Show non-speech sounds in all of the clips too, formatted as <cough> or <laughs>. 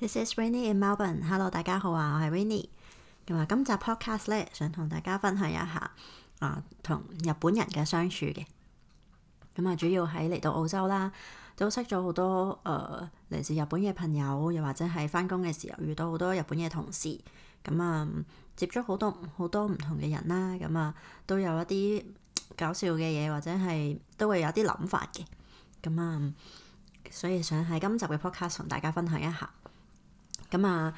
This is Rainy in Melbourne。Hello，大家好啊，我係 Rainy。咁啊，今集 podcast 咧，想同大家分享一下啊，同日本人嘅相處嘅，咁啊，主要喺嚟到澳洲啦，都識咗好多誒嚟自日本嘅朋友，又或者係翻工嘅時候遇到好多日本嘅同事，咁啊，接觸好多好多唔同嘅人啦，咁啊，都有一啲搞笑嘅嘢，或者係都會有啲諗法嘅。咁啊，所以想喺今集嘅 podcast 同大家分享一下。咁啊，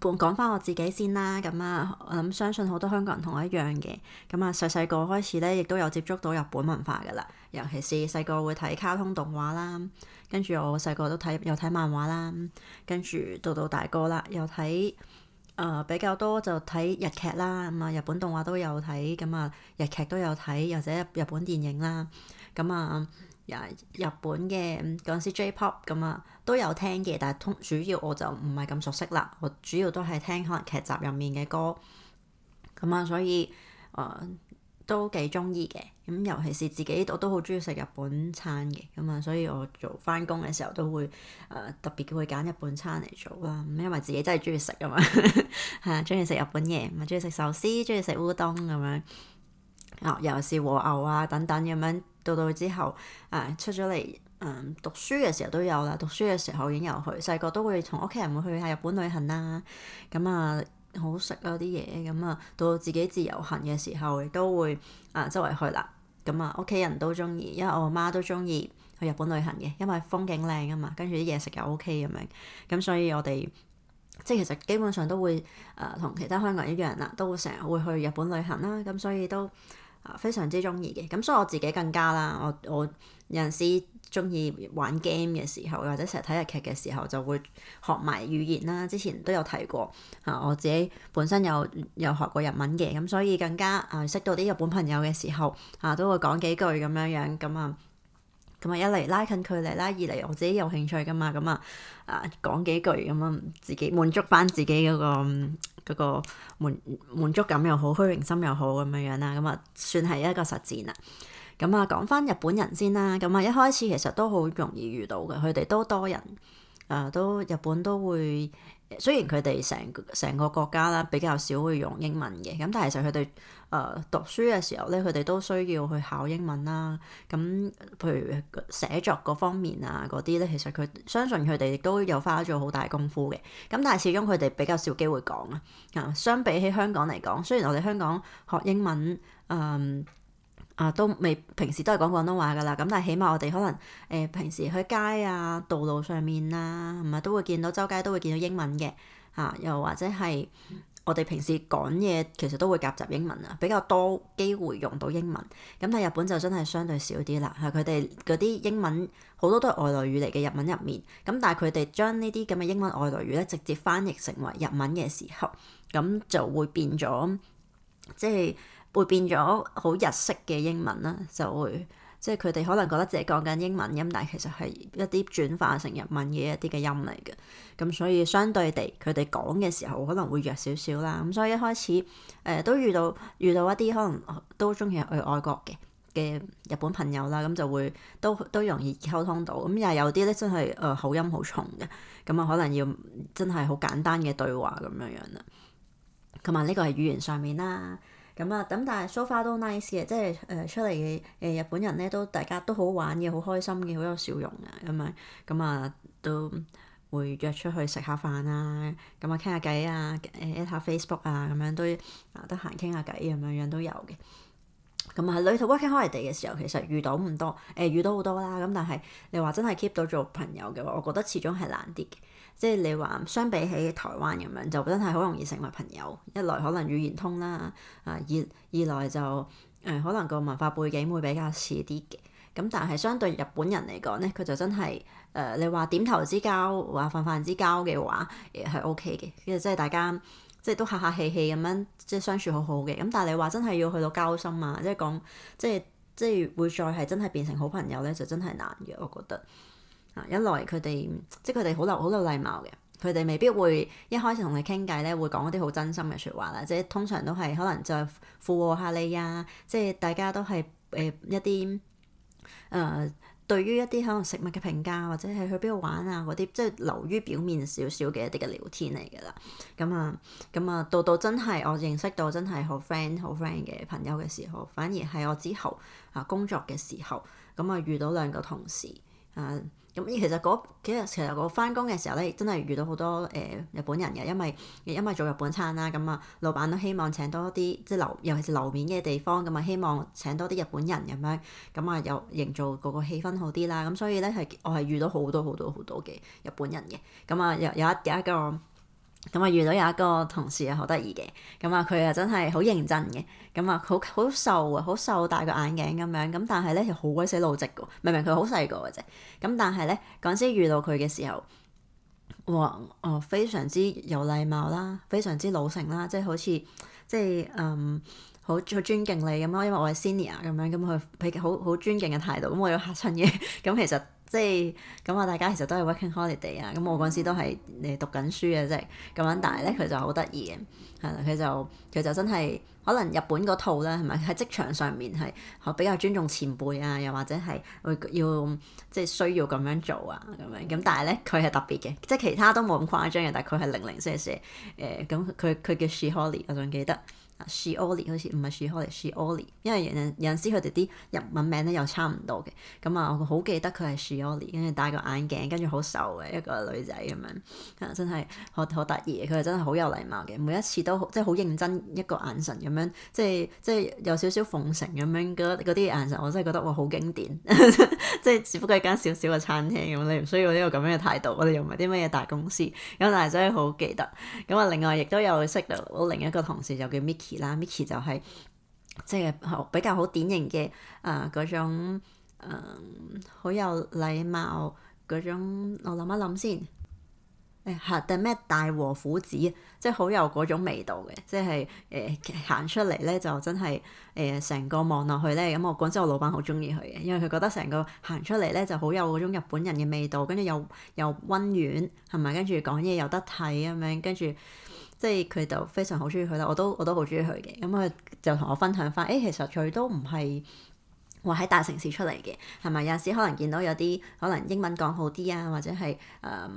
講返我自己先啦，咁啊，我諗相信好多香港人同我一樣嘅，咁啊，細細個開始咧，亦都有接觸到日本文化㗎喇，尤其是細個會睇卡通動畫啦，跟住我細個都睇，又睇漫畫啦，跟住到到大個啦，又睇，誒、呃、比較多就睇日劇啦，咁啊，日本動畫都有睇，咁啊，日劇都有睇，又或者日本電影啦，咁啊。日本嘅嗰陣時 J-pop 咁啊，都有聽嘅，但係通主要我就唔係咁熟悉啦。我主要都係聽可能劇集入面嘅歌咁啊，所以誒、呃、都幾中意嘅。咁尤其是自己我都好中意食日本餐嘅咁啊，所以我做翻工嘅時候都會誒、呃、特別叫佢揀日本餐嚟做啦。咁因為自己真係中意食啊嘛，係啊，中意食日本嘢，中意食壽司，中意食烏冬咁樣。哦、啊，尤其是和牛啊等等咁樣。到到之後，啊，出咗嚟，嗯，讀書嘅時候都有啦，讀書嘅時候已經有去。細個都會同屋企人會去下日本旅行啦，咁啊，好食嗰啲嘢，咁啊，到自己自由行嘅時候亦都會啊周圍去啦。咁啊，屋企人都中意，因為我媽都中意去日本旅行嘅，因為風景靚啊嘛，跟住啲嘢食又 OK 咁樣，咁所以我哋即係其實基本上都會啊同、呃、其他香港人一樣啦，都會成日會去日本旅行啦，咁所以都。啊，非常之中意嘅，咁所以我自己更加啦，我我有陣時中意玩 game 嘅時候，或者成日睇日劇嘅時候，就會學埋語言啦。之前都有提過，啊，我自己本身有有學過日文嘅，咁所以更加啊，識到啲日本朋友嘅時候，啊，都會講幾句咁樣樣，咁啊。咁啊，一嚟拉近距離啦，二嚟我自己有興趣㗎嘛，咁啊，啊講幾句咁啊，自己滿足返自己嗰、那個嗰、那個滿，滿足感又好，虛榮心又好咁樣、啊、樣啦、啊，咁啊算係一個實戰啦。咁啊，講返日本人先啦，咁啊一開始其實都好容易遇到嘅，佢哋都多人，啊都日本都會。雖然佢哋成成個國家啦，比較少會用英文嘅，咁但係其實佢哋誒讀書嘅時候咧，佢哋都需要去考英文啦。咁譬如寫作嗰方面啊，嗰啲咧，其實佢相信佢哋亦都有花咗好大功夫嘅。咁但係始終佢哋比較少機會講啊。啊，相比起香港嚟講，雖然我哋香港學英文，誒、嗯。啊，都未平時都係講廣東話㗎喇，咁但係起碼我哋可能誒、呃、平時去街啊、道路上面啊，係咪都會見到周街都會見到英文嘅啊？又或者係我哋平時講嘢，其實都會夾雜英文啊，比較多機會用到英文。咁但係日本就真係相對少啲啦，佢哋嗰啲英文好多都係外來語嚟嘅日文入面。咁但係佢哋將呢啲咁嘅英文外來語咧，直接翻譯成為日文嘅時候，咁就會變咗即係。會變咗好日式嘅英文啦，就會即係佢哋可能覺得自己講緊英文音，但係其實係一啲轉化成日文嘅一啲嘅音嚟嘅。咁所以相對地，佢哋講嘅時候可能會弱少少啦。咁所以一開始誒、呃、都遇到遇到一啲可能都鍾意去外國嘅嘅日本朋友啦，咁就會都都容易溝通到。咁又係有啲咧真係誒、呃、口音好重嘅，咁啊可能要真係好簡單嘅對話咁樣樣啦。同埋呢個係語言上面啦。咁啊，咁、嗯、但係 so far 都 nice 嘅，即係誒、呃、出嚟嘅誒日本人咧，都大家都好玩嘅，好開心嘅，好有笑容啊。咁樣，咁啊都會約出去食下飯啊，咁啊傾下偈啊，誒 at 下 Facebook 啊，咁、啊、樣都啊得閒傾下偈咁樣樣都有嘅。咁喺旅途 working holiday 嘅時候，其實、呃呃、遇到唔多，誒遇到好多啦。咁但係你話真係 keep 到做朋友嘅話，我覺得始終係難啲嘅。即係你話相比起台灣咁樣，就真係好容易成為朋友。一來可能語言通啦，啊二二來就誒、呃、可能個文化背景會比較似啲嘅。咁但係相對日本人嚟講咧，佢就真係誒、呃、你話點頭之交話泛泛之交嘅話係 OK 嘅。其實即係大家。即係都客客氣氣咁樣，即係相處好好嘅。咁但係你話真係要去到交心啊，即係講即係即係會再係真係變成好朋友咧，就真係難嘅。我覺得啊，一來佢哋即係佢哋好有好有禮貌嘅，佢哋未必會一開始同你傾偈咧，會講一啲好真心嘅説話啦。即係通常都係可能就係附和下你啊，即係大家都係誒、呃、一啲誒。呃對於一啲可能食物嘅評價，或者係去邊度玩啊嗰啲，即係流於表面少少嘅一啲嘅聊天嚟㗎啦。咁啊，咁啊，到到真係我認識到真係好 friend 好 friend 嘅朋友嘅時候，反而係我之後啊工作嘅時候，咁啊遇到兩個同事。誒咁、嗯，其實嗰、那個、其實其實我翻工嘅時候咧，真係遇到好多誒、呃、日本人嘅，因為因為做日本餐啦，咁啊，老闆都希望請多啲即係樓，尤其是樓面嘅地方，咁、嗯、啊，希望請多啲日本人咁樣，咁、嗯、啊，又、嗯嗯、營造嗰個氣氛好啲啦，咁所以咧係我係遇到好多好多好多嘅日本人嘅，咁、嗯、啊，有有一有一個。咁我遇到有一個同事啊，好得意嘅。咁啊，佢啊真係好認真嘅。咁啊，好好瘦啊，好瘦，戴個眼鏡咁樣。咁但係咧，又好鬼死老直噶喎。明明佢好細個嘅啫。咁但係咧，嗰陣時遇到佢嘅時候，哇！我、哦、非常之有禮貌啦，非常之老成啦，即係好似即係嗯好好尊敬你咁咯。因為我係 senior 咁樣，咁佢俾好好尊敬嘅態度。咁我有嚇親嘅。咁 <laughs> 其實。即係咁啊！大家其實都係 working holiday 啊！咁我嗰陣時都係誒讀緊書嘅，即係咁樣。但係咧，佢就好得意嘅，係啦，佢就佢就真係可能日本嗰套咧，係咪喺職場上面係比較尊重前輩啊？又或者係會要即係需要咁樣做啊咁樣。咁但係咧，佢係特別嘅，即係其他都冇咁誇張嘅，但係佢係零零舍舍誒咁。佢佢叫 She Holly，我仲記得。Sheoli 好似唔係 Sheoli，Sheoli，因為有陣有時佢哋啲日文名咧又差唔多嘅，咁啊我好記得佢係 Sheoli，跟住戴個眼鏡，跟住好瘦嘅一個女仔咁樣，啊真係好好得意，佢係真係好有禮貌嘅，每一次都即係好認真一個眼神咁樣，即係即係有少少奉承咁樣，嗰啲眼神我真係覺得哇好經典， <laughs> 即係只不過係一間小小嘅餐廳咁，你唔需要呢個咁樣嘅態度，我哋又唔係啲咩大公司，咁但係真係好記得，咁啊另外亦都有識到另一個同事就叫 Miki 啦 Mickey，Mickey 就係即係比較好典型嘅，誒、呃、嗰種好、呃、有禮貌嗰種。我諗一諗先，誒核定咩大和府子即係好有嗰種味道嘅，即係誒行出嚟咧就真係誒成個望落去咧。咁我講真，我老闆好中意佢嘅，因為佢覺得成個行出嚟咧就好有嗰種日本人嘅味道，跟住又又溫婉係咪？跟住講嘢又得睇咁樣，跟住。即係佢就非常好中意佢啦，我都我都好中意佢嘅。咁佢就同我分享返，誒、欸、其實佢都唔係話喺大城市出嚟嘅，係咪有陣時可能見到有啲可能英文講好啲啊，或者係誒、呃、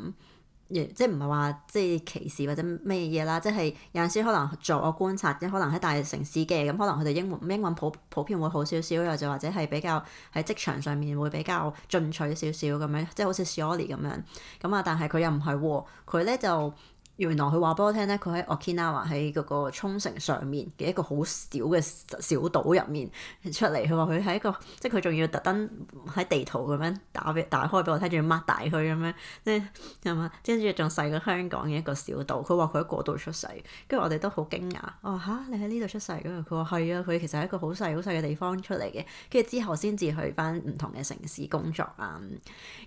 即係唔係話即係歧視或者咩嘢啦？即係有陣時可能助我觀察，即可能喺大城市嘅，咁可能佢哋英文英文普普遍會好少少，又或者係比較喺職場上面會比較進取少少咁樣，即係好似 Shirley 咁樣。咁啊，但係佢又唔係喎，佢咧就。原來佢話俾我聽咧，佢喺 Okinawa 喺嗰個沖繩上面嘅一個好小嘅小島入面出嚟。佢話佢喺一個即係佢仲要特登喺地圖咁樣打俾打開俾我睇，仲要擘大佢咁樣，即係係嘛？跟住仲細過香港嘅一個小島。佢話佢喺嗰度出世，跟住我哋都好驚訝。哦，吓、啊？你喺呢度出世？跟住佢話係啊，佢其實係一個好細好細嘅地方出嚟嘅。跟住之後先至去翻唔同嘅城市工作、嗯、啊。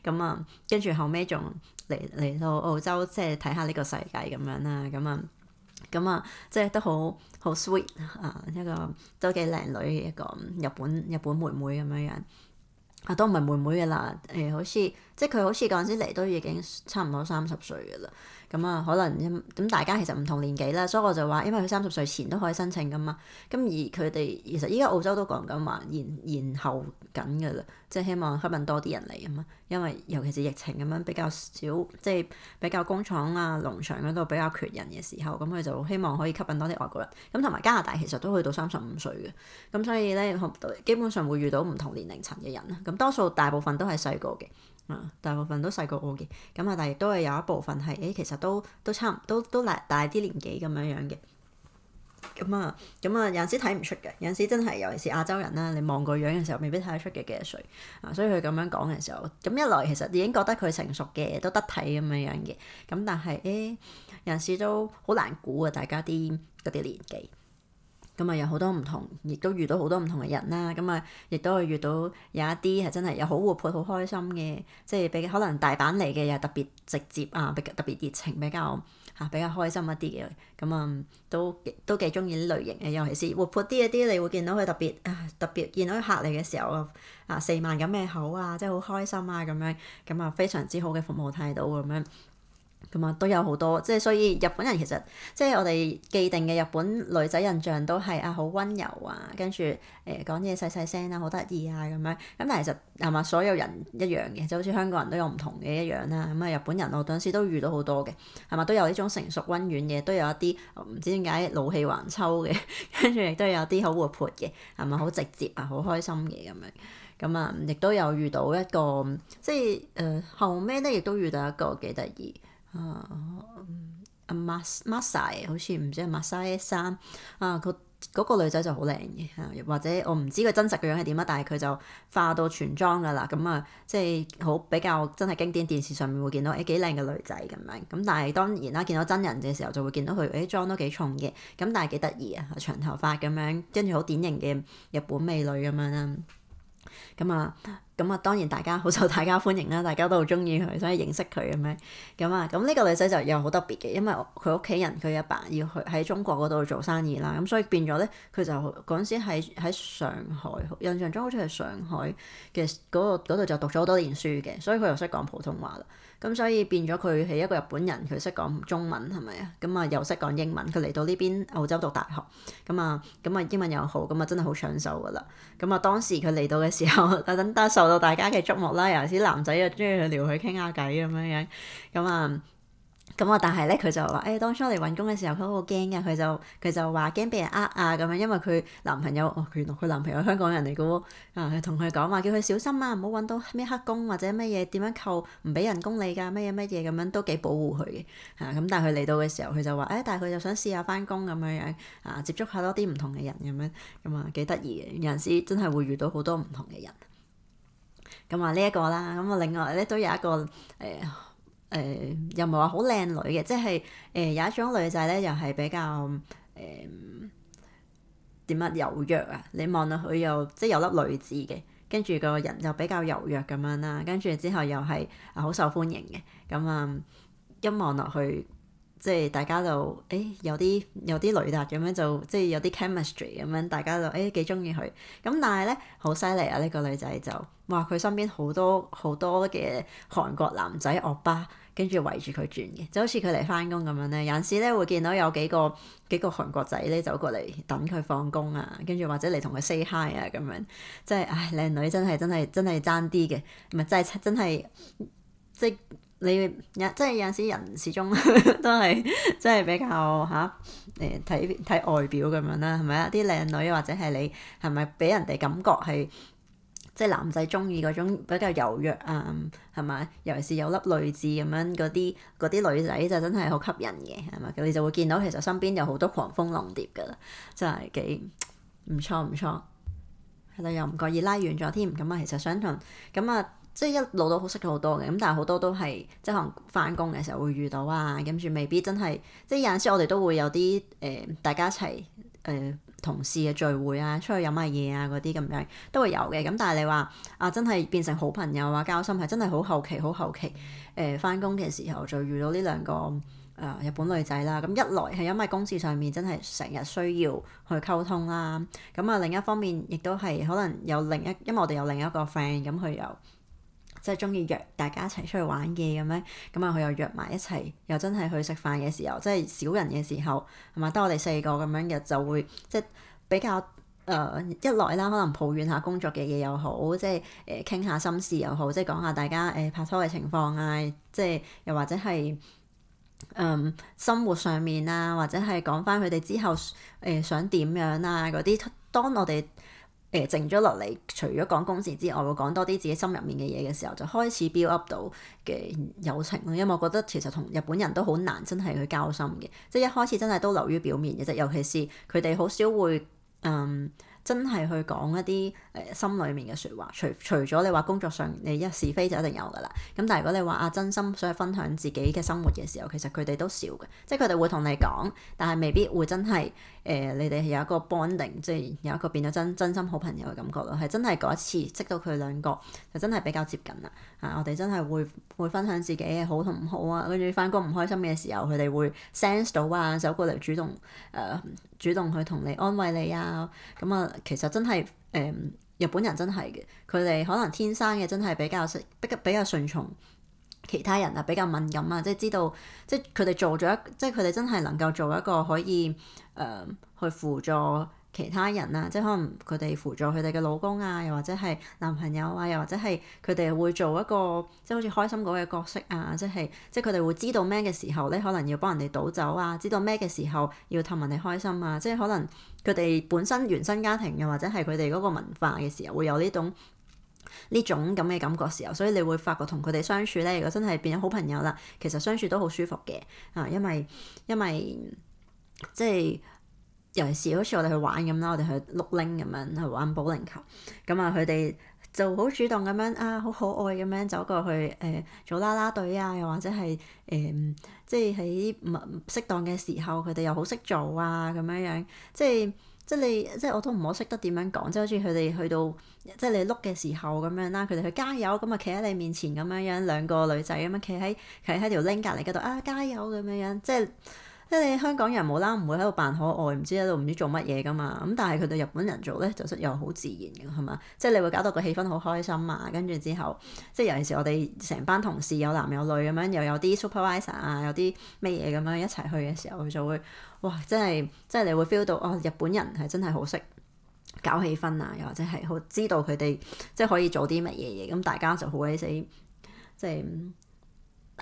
咁啊，跟住後尾仲嚟嚟到澳洲，即係睇下呢個世界。係咁樣啦，咁啊，咁啊，即係都好好 sweet 啊，一個都幾靚女嘅一個日本日本妹妹咁樣樣啊，都唔係妹妹噶啦，誒、欸，好似即係佢好似嗰陣時嚟都已經差唔多三十歲噶啦，咁啊，可能咁、嗯、大家其實唔同年紀啦，所以我就話，因為佢三十歲前都可以申請噶嘛，咁而佢哋其實依家澳洲都講緊話延延後緊噶啦。即係希望吸引多啲人嚟啊嘛，因為尤其是疫情咁樣比較少，即係比較工廠啊、農場嗰度比較缺人嘅時候，咁佢就希望可以吸引多啲外國人。咁同埋加拿大其實都去到三十五歲嘅，咁所以咧，基本上會遇到唔同年齡層嘅人啦。咁多數大部分都係細個嘅，啊，大部分都細個嘅咁啊，但係亦都係有一部分係誒，其實都都差唔多都都大啲年紀咁樣樣嘅。咁啊，咁啊，有陣時睇唔出嘅，有陣時真係，尤其是亞洲人啦，你望個樣嘅時候，未必睇得出佢幾多歲啊。所以佢咁樣講嘅時候，咁一來其實已經覺得佢成熟嘅，都得睇咁樣樣嘅。咁但係誒，有陣時都好難估啊，大家啲嗰啲年紀。咁啊，有好多唔同，亦都遇到好多唔同嘅人啦。咁啊，亦都會遇到有一啲係真係又好活潑、好開心嘅，即係比可能大阪嚟嘅又特別直接啊，特，特別熱情比較。啊，比較開心一啲嘅，咁、嗯、啊都都幾中意啲類型嘅，尤其是活潑啲一啲，你會見到佢特別啊，特別見到佢客嚟嘅時候啊，四萬咁咩口啊，即係好開心啊咁樣，咁啊非常之好嘅服務態度咁樣。咁啊，都有好多即係，所以日本人其實即係我哋既定嘅日本女仔印象都係啊，好溫柔啊，跟住誒講嘢細細聲啊，好得意啊咁樣。咁但係其實係咪所有人一樣嘅？就好似香港人都有唔同嘅一樣啦。咁啊，日本人我嗰陣時都遇到好多嘅，係咪都有呢種成熟溫婉嘅，都有一啲唔知點解老氣橫秋嘅， <laughs> 跟住亦都有啲好活潑嘅，係咪好直接啊，好開心嘅咁樣。咁啊，亦都有遇到一個即係誒、呃、後尾咧，亦都遇到一個幾得意。啊，啊，Mas m a s、uh, uh, a 好似唔知係 Masai 三啊，佢嗰個女仔就好靚嘅又或者我唔知佢真實嘅樣係點啊，但係佢就化到全妝㗎啦。咁啊，即係好比較真係經典電視上面會見到誒幾靚嘅女仔咁樣。咁但係當然啦，見到真人嘅時候就會見到佢誒妝都幾重嘅咁，但係幾得意啊長頭髮咁樣，跟住好典型嘅日本美女咁樣啦。咁啊，咁啊、嗯，當然大家好受大家歡迎啦，大家都好中意佢，所以認識佢咁樣，咁啊，咁、嗯、呢、嗯這個女仔就又好特別嘅，因為佢屋企人佢阿爸要去喺中國嗰度做生意啦，咁、嗯、所以變咗咧，佢就嗰陣時喺喺上海，印象中好似係上海嘅嗰、嗰個嗰度就讀咗好多年書嘅，所以佢又識講普通話啦。咁所以變咗佢係一個日本人，佢識講中文係咪啊？咁啊又識講英文，佢嚟到呢邊澳洲讀大學，咁啊咁啊英文又好，咁啊真係好搶手㗎啦。咁啊當時佢嚟到嘅時候，等 <laughs> 等受到大家嘅矚目啦，尤其是男仔又中意去撩佢傾下偈咁樣樣，咁啊。嗯咁啊！但係咧，佢就話：，誒、欸，當初嚟揾工嘅時候，佢好驚嘅，佢就佢就話驚俾人呃啊咁樣，因為佢男朋友哦，原來佢男朋友香港人嚟噶喎，啊，同佢講話叫佢小心啊，唔好揾到咩黑工或者咩嘢，點樣扣唔俾人工你噶，咩嘢咩嘢咁樣，都幾保護佢嘅啊。咁、啊、但係佢嚟到嘅時候，佢就話：，誒、欸，但係佢就想試下返工咁樣樣啊，接觸下多啲唔同嘅人咁樣，咁啊幾得意嘅，有陣時真係會遇到好多唔同嘅人。咁啊呢一個啦，咁啊另外咧都有一個誒。哎誒、呃、又唔係話好靚女嘅，即係誒、呃、有一種女仔咧，又係比較誒點啊柔弱啊，你望落去又即係有粒女子嘅，跟住個人又比較柔弱咁樣啦，跟住之後又係好受歡迎嘅，咁啊一望落去。即係大家就誒、哎、有啲有啲雷達咁樣就即係有啲 chemistry 咁樣，大家就誒幾中意佢。咁、哎、但係咧好犀利啊！呢、這個女仔就哇，佢身邊好多好多嘅韓國男仔歐巴，跟住圍住佢轉嘅，就好似佢嚟返工咁樣咧。有時咧會見到有幾個幾個韓國仔咧走過嚟等佢放工啊，跟住或者嚟同佢 say hi 啊咁樣。即係唉，靚女真係真係真係爭啲嘅，唔係真係真係即係。你即係有陣時人始終 <laughs> 都係即係比較吓，誒睇睇外表咁樣啦，係咪啊？啲靚女或者係你係咪俾人哋感覺係即係男仔中意嗰種比較柔弱啊？係咪？尤其是有粒淚痣咁樣嗰啲嗰啲女仔就真係好吸引嘅，係咪？你就會見到其實身邊有好多狂蜂浪蝶噶啦，真係幾唔錯唔錯，係啦，又唔覺意拉遠咗添。咁啊，其實想同咁啊。即係一路都好識咗好多嘅，咁但係好多都係即係可能翻工嘅時候會遇到啊。跟住未必真係，即係有陣時我哋都會有啲誒、呃，大家一齊誒、呃、同事嘅聚會啊，出去飲下嘢啊嗰啲咁樣都會有嘅。咁但係你話啊，真係變成好朋友啊，交心係真係好後期，好後期誒翻工嘅時候就遇到呢兩個誒、呃、日本女仔啦。咁、嗯、一來係因為公事上面真係成日需要去溝通啦，咁、嗯、啊另一方面亦都係可能有另一因為我哋有另一個 friend，咁佢又。嗯即係中意約大家一齊出去玩嘅咁樣，咁啊佢又約埋一齊，又真係去食飯嘅時候，即係少人嘅時候，係咪得我哋四個咁樣嘅就會即係比較誒、呃、一來啦，可能抱怨下工作嘅嘢又好，即係誒傾下心事又好，即係講下大家誒、呃、拍拖嘅情況啊，即係又或者係嗯、呃、生活上面啊，或者係講翻佢哋之後誒、呃、想點樣啊嗰啲，當我哋。誒靜咗落嚟，除咗講公事之外，會講多啲自己心入面嘅嘢嘅時候，就開始 build up 到嘅友情咯。因為我覺得其實同日本人都好難真係去交心嘅，即係一開始真係都流於表面嘅啫。尤其是佢哋好少會嗯真係去講一啲誒心裏面嘅説話。除除咗你話工作上你一是非就一定有㗎喇。咁但係如果你話啊真心想分享自己嘅生活嘅時候，其實佢哋都少嘅，即係佢哋會同你講，但係未必會真係。誒、呃，你哋係有一個 bonding，即係有一個變咗真真心好朋友嘅感覺咯。係真係嗰一次識到佢兩個，就真係比較接近啦。嚇、啊，我哋真係會會分享自己嘅好同唔好啊。跟住返工唔開心嘅時候，佢哋會 sense 到啊，走過嚟主動誒、呃、主動去同你安慰你啊。咁啊，其實真係誒、呃、日本人真係嘅，佢哋可能天生嘅真係比較順比較比較順從。其他人啊，比較敏感啊，即係知道，即係佢哋做咗一，即係佢哋真係能夠做一個可以誒、呃、去輔助其他人啊，即係可能佢哋輔助佢哋嘅老公啊，又或者係男朋友啊，又或者係佢哋會做一個即係好似開心果嘅角色啊，即係即係佢哋會知道咩嘅時候咧，可能要幫人哋倒酒啊，知道咩嘅時候要氹人哋開心啊，即係可能佢哋本身原生家庭又、啊、或者係佢哋嗰個文化嘅時候會有呢種。呢種咁嘅感覺時候，所以你會發覺同佢哋相處咧，如果真係變咗好朋友啦，其實相處都好舒服嘅啊！因為因為即係尤其是好似我哋去玩咁啦，我哋去碌鈴咁樣去玩保齡球，咁啊佢哋。就好主動咁樣啊，好可愛咁樣走過去誒、呃，做啦啦隊啊，又或者係誒、呃，即係喺適當嘅時候，佢哋又好識做啊，咁樣樣，即係即係你即係我都唔好識得點樣講，即係好似佢哋去到即係你碌嘅時候咁樣啦，佢哋去加油咁啊，企喺你面前咁樣樣，兩個女仔咁樣企喺企喺條 link 隔離嗰度啊，加油咁樣樣，即係。即係你香港人冇啦，唔會喺度扮可愛，唔知喺度唔知做乜嘢噶嘛。咁但係佢哋日本人做咧，就又好自然嘅，係嘛？即係你會搞到個氣氛好開心啊。跟住之後，即係尤其係我哋成班同事有男有女咁樣，又有啲 supervisor 啊，有啲咩嘢咁樣一齊去嘅時候，就會哇！真係即係你會 feel 到哦，日本人係真係好識搞氣氛啊，又或者係好知道佢哋即係可以做啲乜嘢嘢，咁大家就好鬼死即係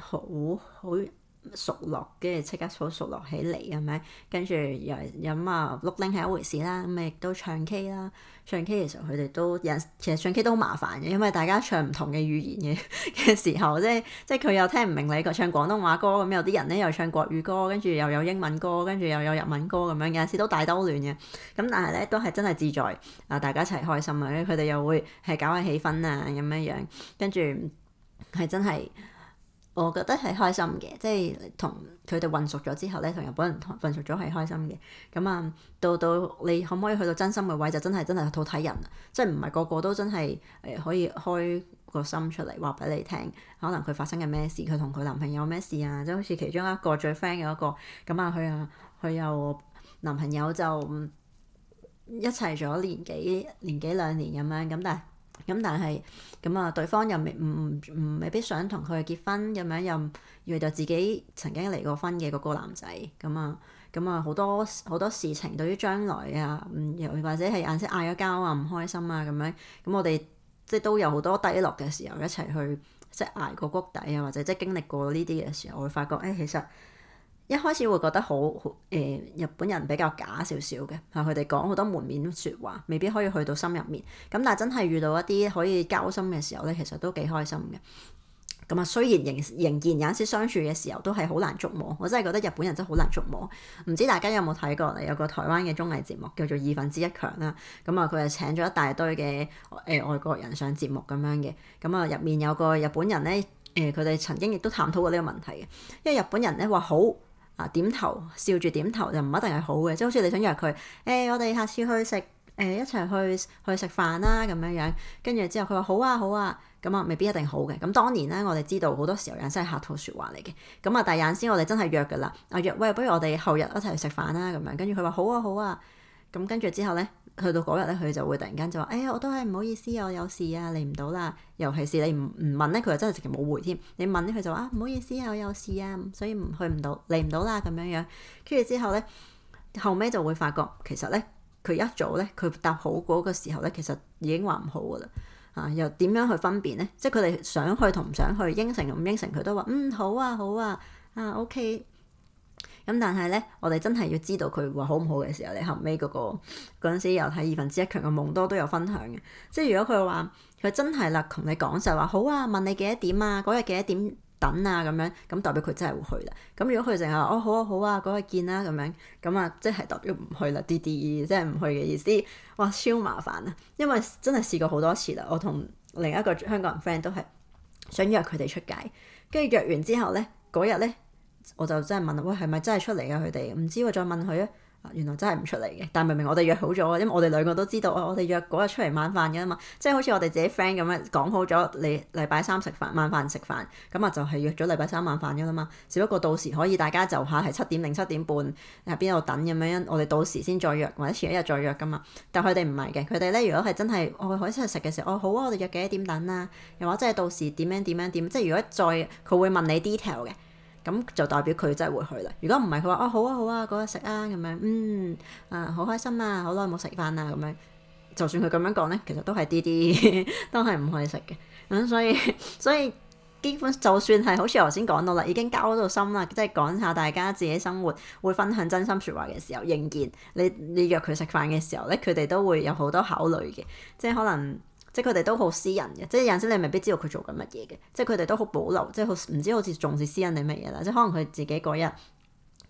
好好。好熟落，跟住即刻好熟落起嚟，係咪？跟住又飲、嗯、啊，碌冰係一回事啦。咁亦都唱 K 啦，唱 K 其實佢哋都有，其實唱 K 都好麻煩嘅，因為大家唱唔同嘅語言嘅嘅時候，即係即係佢又聽唔明你個唱廣東話歌，咁有啲人咧又唱國語歌，跟住又有英文歌，跟住又有日文歌咁樣，有陣時都大兜亂嘅。咁但係咧都係真係自在啊！大家一齊開心啊！佢哋又會係搞下氣氛啊，咁樣樣，跟住係真係。我覺得係開心嘅，即係同佢哋混熟咗之後咧，同日本人混熟咗係開心嘅。咁啊，到到你可唔可以去到真心嘅位就真係真係好睇人。即係唔係個個都真係誒可以開個心出嚟話俾你聽，可能佢發生嘅咩事，佢同佢男朋友咩事啊？即係好似其中一個最 friend 嘅一個，咁啊，佢啊佢又男朋友就一齊咗年幾年幾兩年咁樣咁但係。咁但係咁啊，對方又未唔唔、嗯、未必想同佢結婚咁樣，又遇到自己曾經離過婚嘅嗰個男仔咁啊，咁啊好多好多事情對於將來啊，嗯又或者係眼色嗌咗交啊，唔開心啊咁樣，咁我哋即都有好多低落嘅時候一齊去即係捱過谷底啊，或者即係經歷過呢啲嘅時候，我會發覺誒、欸、其實。一開始會覺得好好誒、呃，日本人比較假少少嘅，係佢哋講好多門面説話，未必可以去到心入面。咁但係真係遇到一啲可以交心嘅時候咧，其實都幾開心嘅。咁啊，雖然仍仍然有時相處嘅時候都係好難捉摸，我真係覺得日本人真係好難捉摸。唔知大家有冇睇過？有個台灣嘅綜藝節目叫做《二分之一強》啦。咁啊，佢係請咗一大堆嘅誒外國人上節目咁樣嘅。咁啊，入面有個日本人咧，誒佢哋曾經亦都探討過呢個問題嘅，因為日本人咧話好。啊！點頭笑住點頭就唔一定係好嘅，即係好似你想約佢，誒、欸、我哋下次去食，誒、欸、一齊去去食飯啦咁樣樣，跟住之後佢話好啊好啊，咁啊未必一定好嘅。咁當然啦，我哋知道好多時候嘢真係客套説話嚟嘅。咁啊，但係啱先我哋真係約㗎啦，啊約，喂，不如我哋後日一齊去食飯啦咁樣，跟住佢話好啊好啊，咁跟住之後咧。去到嗰日咧，佢就會突然間就話：，哎呀，我都係唔好意思啊，我有事啊，嚟唔到啦。尤其是你唔唔問咧，佢又真係直情冇回添。你問咧，佢就話：，啊，唔好意思啊，我有事啊，所以唔去唔到，嚟唔到啦，咁樣樣。跟住之後咧，後尾就會發覺，其實咧，佢一早咧，佢答好嗰個時候咧，其實已經話唔好噶啦。啊，又點樣去分辨咧？即係佢哋想去同唔想去，應承同唔應承，佢都話：，嗯，好啊，好啊，啊，OK。咁但係咧，我哋真係要知道佢話好唔好嘅時候，你後尾嗰、嗰個嗰陣時有睇二分之一強嘅夢多都有分享嘅，即係如果佢話佢真係啦，同你講就話好啊，問你幾多點啊，嗰日幾多點等啊咁樣，咁代表佢真係會去啦。咁如果佢淨係話哦好啊好啊，嗰日見啦咁樣，咁啊即係代表唔去啦，DDE 即係唔去嘅意思。哇超麻煩啊，因為真係試過好多次啦，我同另一個香港人 friend 都係想約佢哋出街，跟住約完之後咧，嗰日咧。我就真係問啦，喂，係咪真係出嚟啊？佢哋唔知我再問佢咧，原來真係唔出嚟嘅。但明明我哋約好咗，因為我哋兩個都知道啊、哦，我哋約嗰日出嚟晚飯嘅嘛，即係好似我哋自己 friend 咁樣講好咗，你禮拜三食飯晚飯食飯咁啊，就係約咗禮拜三晚飯嘅啦嘛。只不過到時可以大家就下係七點零七點半喺邊度等咁樣，我哋到時先再約或者前一日再約噶嘛。但佢哋唔係嘅，佢哋咧，如果係真係我、哦、可以出去食嘅時候，哦好啊，我哋約幾點等啊，又或者係到時點樣點樣點，即係如果再佢會問你 detail 嘅。咁就代表佢真係會去啦。如果唔係，佢話，哦，好啊好啊，嗰日食啊，咁樣，嗯啊好開心啊，好耐冇食飯啦，咁樣。就算佢咁樣講咧，其實都係啲啲， <laughs> 都係唔可以食嘅。咁所以，所以基本就算係好似頭先講到啦，已經交咗心啦，即係講下大家自己生活會分享真心說話嘅時候，仍然你你約佢食飯嘅時候咧，佢哋都會有好多考慮嘅，即係可能。即佢哋都好私隱嘅，即有陣時你未必知道佢做緊乜嘢嘅。即佢哋都好保留，即係唔知好似重視私隱定乜嘢啦。即可能佢自己嗰日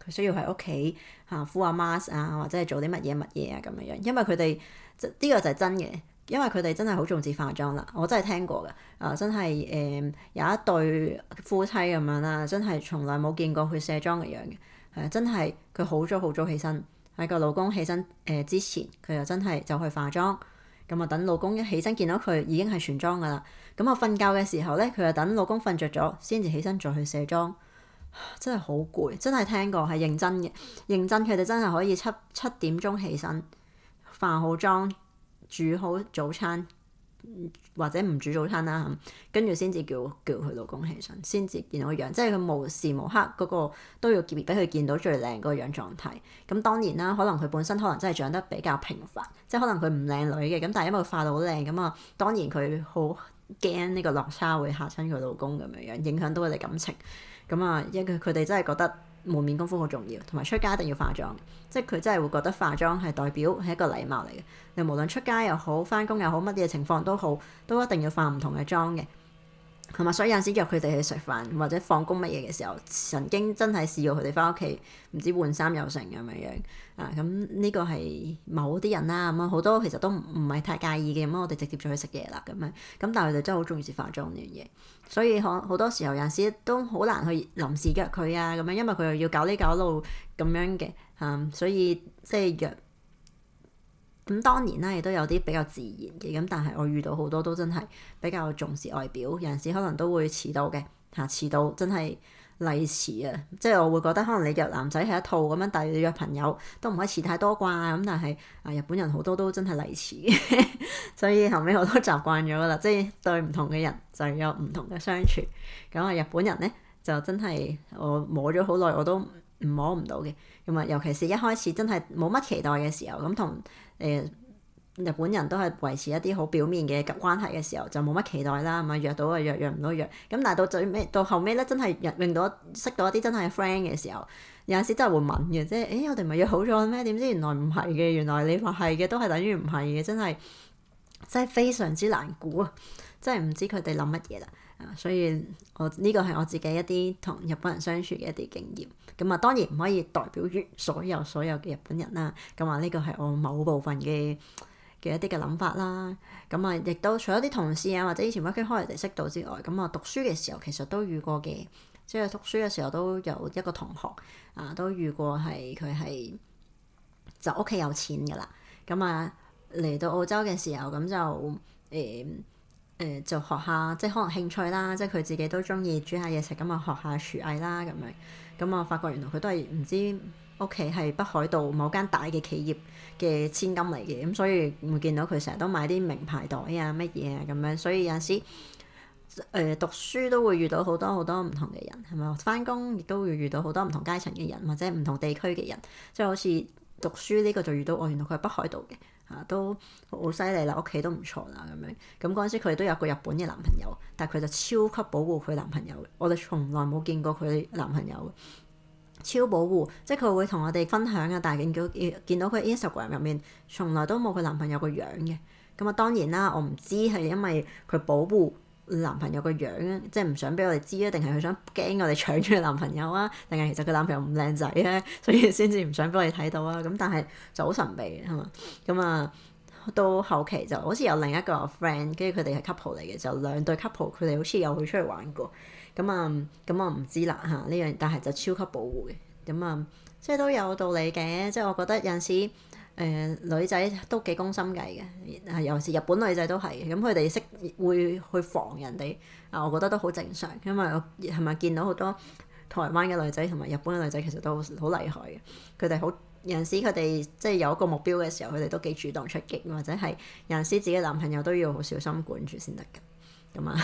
佢需要喺屋企吓敷下 mask 啊，或者係做啲乜嘢乜嘢啊咁樣樣。因為佢哋呢個就係真嘅，因為佢哋真係好重視化妝啦。我真係聽過嘅啊，真係誒、嗯、有一對夫妻咁樣啦，真係從來冇見過佢卸妝嘅樣嘅，係、啊、真係佢好早好早起身喺個老公起身誒之前，佢又真係就去化妝。咁啊，等老公一起身見到佢已經係全妝噶啦。咁我瞓覺嘅時候咧，佢就等老公瞓着咗先至起身再去卸妝，真係好攰，真係聽過係認真嘅，認真佢哋真係可以七七點鐘起身，化好妝，煮好早餐。或者唔煮早餐啦，跟住先至叫叫佢老公起身，先至見到個樣，即係佢無時無刻嗰個都要 keep 俾佢見到最靚嗰個樣狀態。咁當然啦，可能佢本身可能真係長得比較平凡，即係可能佢唔靚女嘅，咁但係因為佢化到好靚咁啊，當然佢好驚呢個落差會吓親佢老公咁樣樣，影響到佢哋感情。咁啊，因為佢哋真係覺得。門面功夫好重要，同埋出街一定要化妝，即係佢真係會覺得化妝係代表係一個禮貌嚟嘅。你無論出街又好，翻工又好，乜嘢情況都好，都一定要化唔同嘅妝嘅。同埋所以有陣時約佢哋去食飯或者放工乜嘢嘅時候，曾經真係試過佢哋翻屋企唔知換衫又成咁樣樣。啊，咁，這、呢個係某啲人啦，咁啊好多其實都唔係太介意嘅，咁我哋直接就去食嘢啦，咁樣咁，但係佢哋真係好重視化妝呢樣嘢，所以可好多時候有時都好難去臨時約佢啊，咁樣，因為佢又要搞呢搞路咁樣嘅嚇、嗯，所以即係約咁當然啦，亦都有啲比較自然嘅，咁但係我遇到好多都真係比較重視外表，有時可能都會遲到嘅嚇，遲、啊、到真係。遲啊，即係我會覺得可能你約男仔係一套咁樣，但係你約朋友都唔可以遲太多啩咁。但係啊，日本人好多都真係遲， <laughs> 所以後尾我都習慣咗噶啦。即係對唔同嘅人就有唔同嘅相處。咁啊，日本人咧就真係我摸咗好耐，我都唔摸唔到嘅。咁啊，尤其是一開始真係冇乜期待嘅時候，咁同誒。呃日本人都係維持一啲好表面嘅關係嘅時候，就冇乜期待啦，咁啊約到就約，約唔到約。咁但係到最尾到後尾咧，真係日令到識到一啲真係 friend 嘅時候，有陣時真係會問嘅，即係誒我哋唔係約好咗咩？點知原來唔係嘅，原來你話係嘅都係等於唔係嘅，真係真係非常之難估啊！真係唔知佢哋諗乜嘢啦啊！所以我呢個係我自己一啲同日本人相處嘅一啲經驗。咁啊當然唔可以代表於所有所有嘅日本人啦。咁啊呢個係我某部分嘅。嘅一啲嘅諗法啦，咁啊亦都除咗啲同事啊或者以前 working holiday 識到之外，咁啊讀書嘅時候其實都遇過嘅，即係讀書嘅時候都有一個同學啊，都遇過係佢係就屋企有錢㗎啦，咁啊嚟到澳洲嘅時候咁就誒誒、欸呃、就學下即係可能興趣啦，即係佢自己都中意煮下嘢食，咁啊學下廚藝啦咁樣，咁啊，發覺原來佢都係唔知。屋企係北海道某間大嘅企業嘅千金嚟嘅，咁所以會見到佢成日都買啲名牌袋啊乜嘢啊咁樣，所以有陣時誒、呃、讀書都會遇到好多好多唔同嘅人，係咪？翻工亦都會遇到好多唔同階層嘅人或者唔同地區嘅人，即係好似讀書呢個就遇到我，原來佢係北海道嘅嚇、啊，都好犀利啦，屋企都唔錯啦咁樣。咁嗰陣時佢都有個日本嘅男朋友，但佢就超級保護佢男朋友，我哋從來冇見過佢男朋友。超保護，即佢會同我哋分享嘅，但係見到見到佢 Instagram 入面，從來都冇佢男朋友個樣嘅。咁啊，當然啦，我唔知係因為佢保護男朋友個樣，即唔想俾我哋知啊，定係佢想驚我哋搶咗佢男朋友啊？定係其實佢男朋友唔靚仔咧，所以先至唔想俾我哋睇到啊？咁但係就好神秘嘅，係嘛？咁啊，到後期就好似有另一個 friend，跟住佢哋係 couple 嚟嘅，就兩對 couple，佢哋好似有去出去玩過。咁、嗯、啊，咁我唔知啦嚇呢樣，但係就超級保護嘅。咁、嗯、啊，即、嗯、係都有道理嘅。即係我覺得有陣時，誒、呃、女仔都幾攻心計嘅，尤其是日本女仔都係。咁佢哋識會去防人哋，啊，我覺得都好正常。因為我係咪見到好多台灣嘅女仔同埋日本嘅女仔其實都好好厲害嘅。佢哋好有陣時，佢哋即係有一個目標嘅時候，佢哋都幾主動出擊，或者係有陣時自己男朋友都要好小心管住先得嘅。咁啊，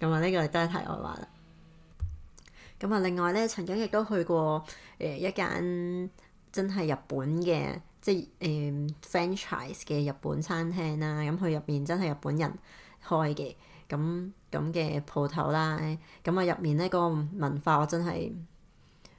咁啊，呢個都係題外話啦。咁啊，另外咧，曾經亦都去過誒、呃、一間真係日本嘅，即係誒、呃、franchise 嘅日本餐廳啦。咁佢入面真係日本人開嘅，咁咁嘅鋪頭啦。咁、嗯、啊，入面咧嗰、那個文化我真係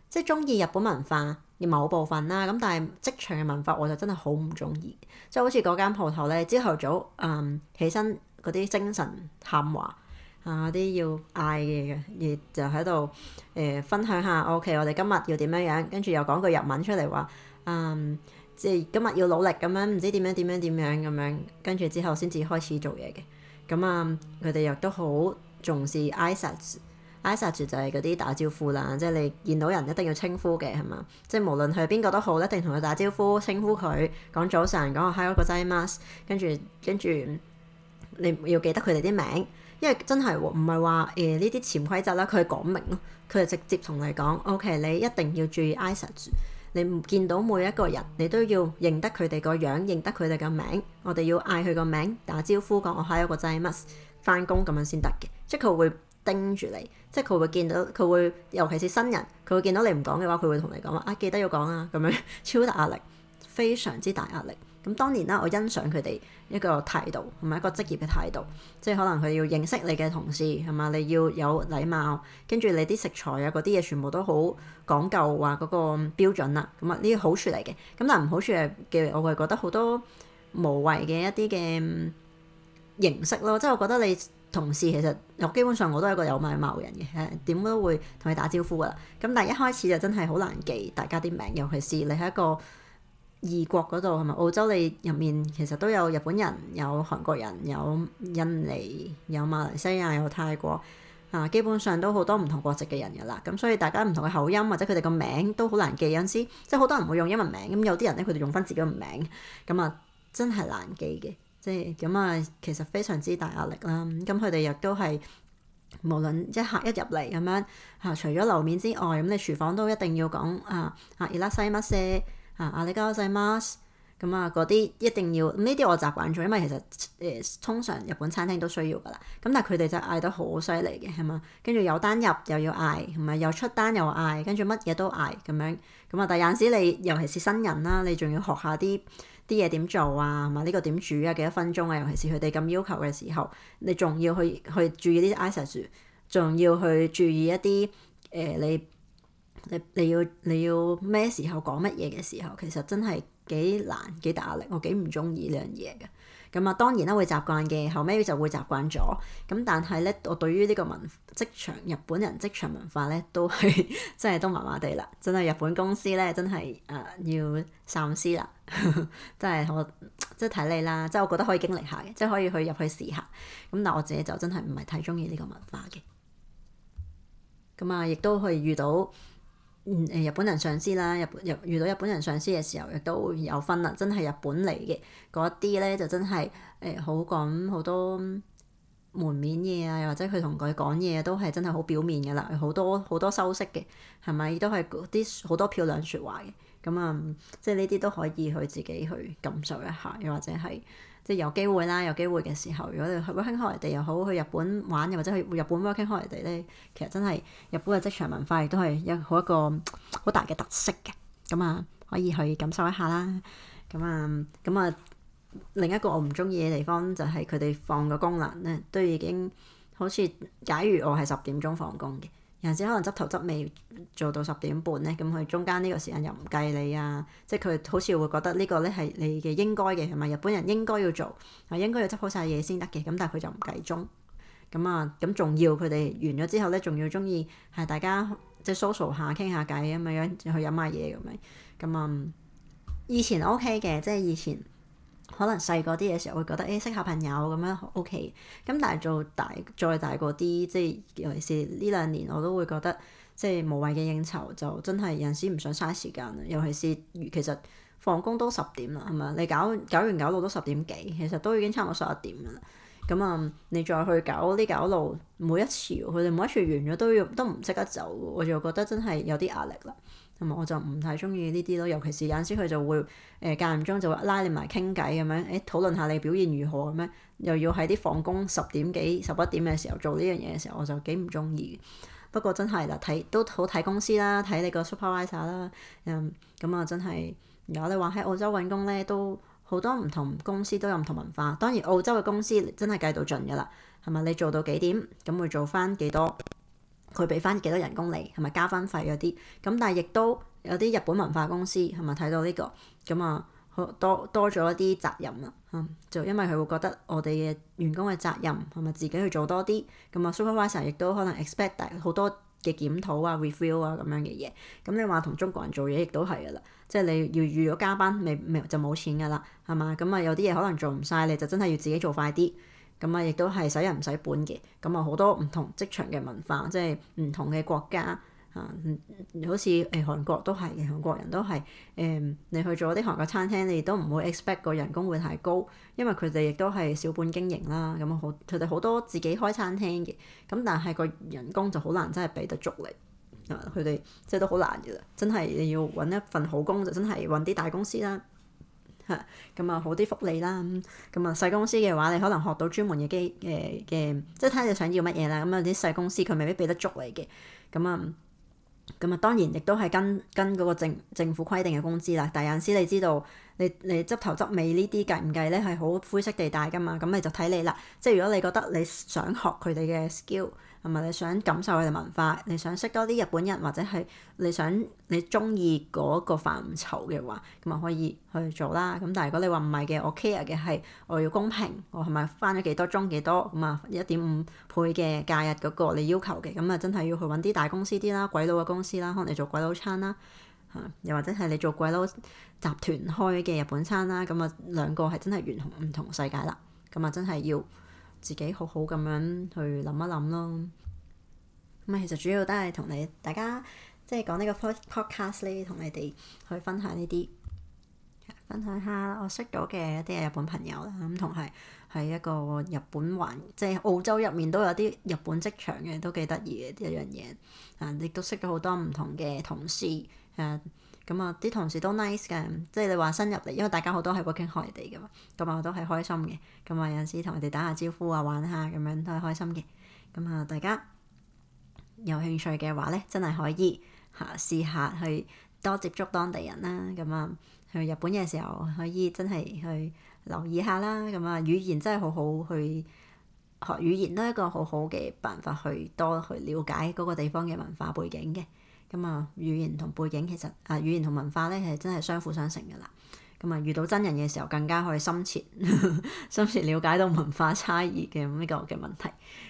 即係中意日本文化嘅某部分啦。咁但係職場嘅文化我就真係好唔中意即係好似嗰間鋪頭咧朝頭早嗯起身。嗰啲精神喊話啊，嗰啲要嗌嘅嘢而就喺度誒分享下。O.K. 我哋今日要點樣樣，跟住又講句日文出嚟話，嗯，即係今日要努力咁樣，唔知點樣點樣點樣咁樣，跟住之後先至開始做嘢嘅。咁啊，佢哋又都好重視 aisatsu aisatsu 就係嗰啲打招呼啦，即係你見到人一定要稱呼嘅，係嘛？即係無論佢係邊個都好，一定同佢打招呼稱呼佢，講早晨，講 hello，個 gozaimas 跟住跟住。跟你要記得佢哋啲名，因為真係喎，唔係話誒呢啲潛規則啦，佢講明咯，佢係直接同你講，OK，你一定要注意 Isaac，你唔見到每一個人，你都要認得佢哋個樣，認得佢哋個名，我哋要嗌佢個名，打招呼講我喺一個濟 Must 翻工咁樣先得嘅，即佢會盯住你，即佢會見到，佢會尤其是新人，佢會見到你唔講嘅話，佢會同你講話啊，記得要講啊，咁樣超大壓力，非常之大壓力。咁當然啦，我欣賞佢哋一個態度同埋一個職業嘅態度，即係可能佢要認識你嘅同事，係嘛？你要有禮貌，跟住你啲食材啊嗰啲嘢，全部都好講究話嗰個標準啦。咁啊，呢個好處嚟嘅。咁但係唔好處嘅，我會覺得好多無謂嘅一啲嘅形式咯。即係我覺得你同事其實，我基本上我都係一個有禮貌人嘅，點都會同你打招呼噶啦。咁但係一開始就真係好難記大家啲名，尤其是你係一個。異國嗰度係咪澳洲？你入面其實都有日本人、有韓國人、有印尼、有馬來西亞、有泰國啊，基本上都好多唔同國籍嘅人㗎喇。咁所以大家唔同嘅口音或者佢哋個名都好難記，有陣時即係好多人會用英文名。咁有啲人咧佢哋用返自己嘅名，咁啊真係難記嘅。即係咁啊，其實非常之大壓力啦。咁佢哋亦都係無論一客一入嚟咁樣啊，除咗樓面之外，咁你廚房都一定要講啊啊！熱啦，西乜西？啊！阿力膠仔 mask 咁啊，嗰啲一定要呢啲我習慣咗，因為其實誒、呃、通常日本餐廳都需要噶啦。咁但係佢哋就嗌得好犀利嘅，係嘛？跟住有單入又要嗌，同埋又出單又嗌，跟住乜嘢都嗌咁樣。咁啊，但係有時你尤其是新人啦，你仲要學下啲啲嘢點做啊，同埋呢個點煮啊，幾多分鐘啊？尤其是佢哋咁要求嘅時候，你仲要去去注意啲 eyesight 仲要去注意一啲誒、呃、你。你你要你要咩時候講乜嘢嘅時候，其實真係幾難幾大壓力，我幾唔中意呢樣嘢嘅。咁啊，當然啦，會習慣嘅，後尾就會習慣咗。咁但係咧，我對於呢個文職場日本人職場文化咧，都係真係都麻麻地啦。真係日本公司咧，真係誒、呃、要三思啦。真係我即係睇你啦，即係我覺得可以經歷下嘅，即係可以去入去試下。咁但係我自己就真係唔係太中意呢個文化嘅。咁啊，亦都可以遇到。嗯，誒日本人上司啦，日本遇到日本人上司嘅時候，亦都有分啦。真係日本嚟嘅嗰啲咧，就真係誒好講好多門面嘢啊，又或者佢同佢講嘢都係真係好表面嘅啦，好多好多修飾嘅，係咪都係啲好多漂亮説話嘅？咁啊、嗯，即係呢啲都可以去自己去感受一下，又或者係。即有機會啦，有機會嘅時候，如果你去 working holiday 又好，去日本玩又或者去日本 working holiday 咧，其實真係日本嘅職場文化亦都係有好一個好大嘅特色嘅，咁啊可以去感受一下啦。咁啊咁啊，另一個我唔中意嘅地方就係佢哋放個工啦咧，都已經好似假如我係十點鐘放工嘅。有陣時可能執頭執尾做到十點半咧，咁佢中間呢個時間又唔計你啊，即佢好似會覺得呢個咧係你嘅應該嘅，係咪？日本人應該要做啊，應該要執好晒嘢先得嘅，咁但係佢就唔計鐘咁啊，咁仲要佢哋完咗之後咧，仲要中意係大家即係 social 下傾下偈咁樣樣去飲下嘢咁樣，咁啊以前 OK 嘅，即係以前。可能細個啲嘅時候會覺得誒，識下朋友咁樣 OK，咁但係做大再大個啲，即係尤其是呢兩年我都會覺得即係無謂嘅應酬就真係有時唔想嘥時間。尤其是其實放工都十點啦，係咪？你搞搞完搞到都十點幾，其實都已經差唔多十一點嘅啦。咁、嗯、啊，你再去搞啲搞路，每一次佢哋每一次完咗都要都唔識得走，我就覺得真係有啲壓力啦。同埋、嗯、我就唔太中意呢啲咯，尤其是有陣時佢就會誒間唔中就拉你埋傾偈咁樣，誒討論下你表現如何咁樣，嗯，又要喺啲放工十點幾十一點嘅時候做呢樣嘢嘅時候，我就幾唔中意。不過真係啦，睇都好睇公司啦，睇你個 supervisor 啦，嗯，咁、嗯、啊、嗯嗯、真係，如果你話喺澳洲揾工咧，都好多唔同公司都有唔同文化。當然澳洲嘅公司真係計到盡噶啦，係咪你做到幾點，咁會做翻幾多？佢俾翻幾多人工你，係咪加班費嗰啲？咁但係亦都有啲日本文化公司係咪睇到呢個？咁啊，好多多咗一啲責任啊、嗯。就因為佢會覺得我哋嘅員工嘅責任係咪自己去做多啲？咁啊，supervisor 亦都可能 expect 大好多嘅檢討啊、review 啊咁樣嘅嘢。咁、嗯、你話同中國人做嘢亦都係噶啦，即係你要預咗加班，未未就冇錢噶啦，係嘛？咁啊，有啲嘢可能做唔晒，你就真係要自己做快啲。咁啊，亦都係使人唔使本嘅。咁啊，好多唔同職場嘅文化，即係唔同嘅國家啊，好似誒韓國都係嘅，韓國人都係誒，你去咗啲韓國餐廳，你亦都唔會 expect 個人工會太高，因為佢哋亦都係小本經營啦。咁好，佢哋好多自己開餐廳嘅。咁但係個人工就好難真係俾得足你啊！佢哋即係都好難嘅啦，真係你要揾一份好工就真係揾啲大公司啦。咁啊，好啲福利啦，咁 <noise> 啊 CCTV、嗯，細公司嘅話，你可能學到專門嘅機，誒嘅，即係睇你想要乜嘢啦，咁啊啲細公司佢未必俾得足你嘅，咁 <noise> 啊，咁啊，當然亦都係跟跟嗰個政政府規定嘅工資啦，但係有時你知道。你你執頭執尾解解呢啲計唔計咧？係好灰色地帶噶嘛，咁你就睇你啦。即係如果你覺得你想學佢哋嘅 skill，同埋你想感受佢哋文化，你想識多啲日本人或者係你想你中意嗰個範疇嘅話，咁啊可以去做啦。咁但係如果你話唔係嘅，我 care 嘅係我要公平，我係咪翻咗幾多鐘幾多咁啊一點五倍嘅假日嗰、嗰個你要求嘅，咁啊真係要去揾啲大公司啲啦，鬼佬嘅公司啦，可能你做鬼佬餐啦。嚇，又或者係你做鬼佬集團開嘅日本餐啦，咁啊兩個係真係完全唔同世界啦。咁啊真係要自己好好咁樣去諗一諗咯。咁啊，其實主要都係同你大家即係講呢個 podcast 咧，同你哋去分享呢啲，分享下我識到嘅一啲日本朋友啦。咁同係喺一個日本環即係澳洲入面都有啲日本職場嘅都幾得意嘅呢一樣嘢啊。亦都識咗好多唔同嘅同事。誒咁啊，啲同事都 nice 嘅，即係你話新入嚟，因為大家好多喺北京外地嘅嘛，咁啊都係開心嘅，咁啊有陣時同人哋打下招呼啊，玩下咁樣都係開心嘅。咁、嗯、啊，大家有興趣嘅話咧，真係可以嚇試下去多接觸當地人啦。咁、嗯、啊、嗯，去日本嘅時候可以真係去留意下啦。咁、嗯、啊、嗯，語言真係好好去學語言都係一個好好嘅辦法，去多去了解嗰個地方嘅文化背景嘅。咁啊，語言同背景其實啊，語言同文化咧係真係相輔相成嘅啦。咁啊，遇到真人嘅時候更加可以深切呵呵、深切了解到文化差異嘅呢個嘅問題。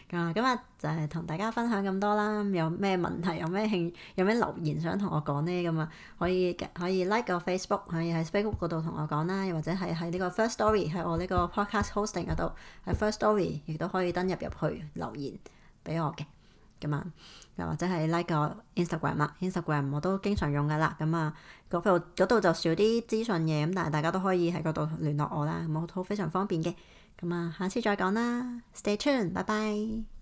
啊、嗯，今、嗯、日、嗯、就係、是、同大家分享咁多啦。有咩問題？有咩興？有咩留言想同我講咧？咁、嗯、啊，可以可以 like 個 Facebook，可以喺 Facebook 嗰度同我講啦。又或者係喺呢個 First Story 喺我呢個 podcast hosting 嗰度喺 First Story 亦都可以登入入去留言俾我嘅。咁、嗯、啊。又或者係 like 個 Instagram 啦，Instagram 我都經常用噶啦，咁啊嗰度就少啲資訊嘅，咁但係大家都可以喺嗰度聯絡我啦，咁好非常方便嘅，咁啊下次再講啦，stay tuned，拜拜。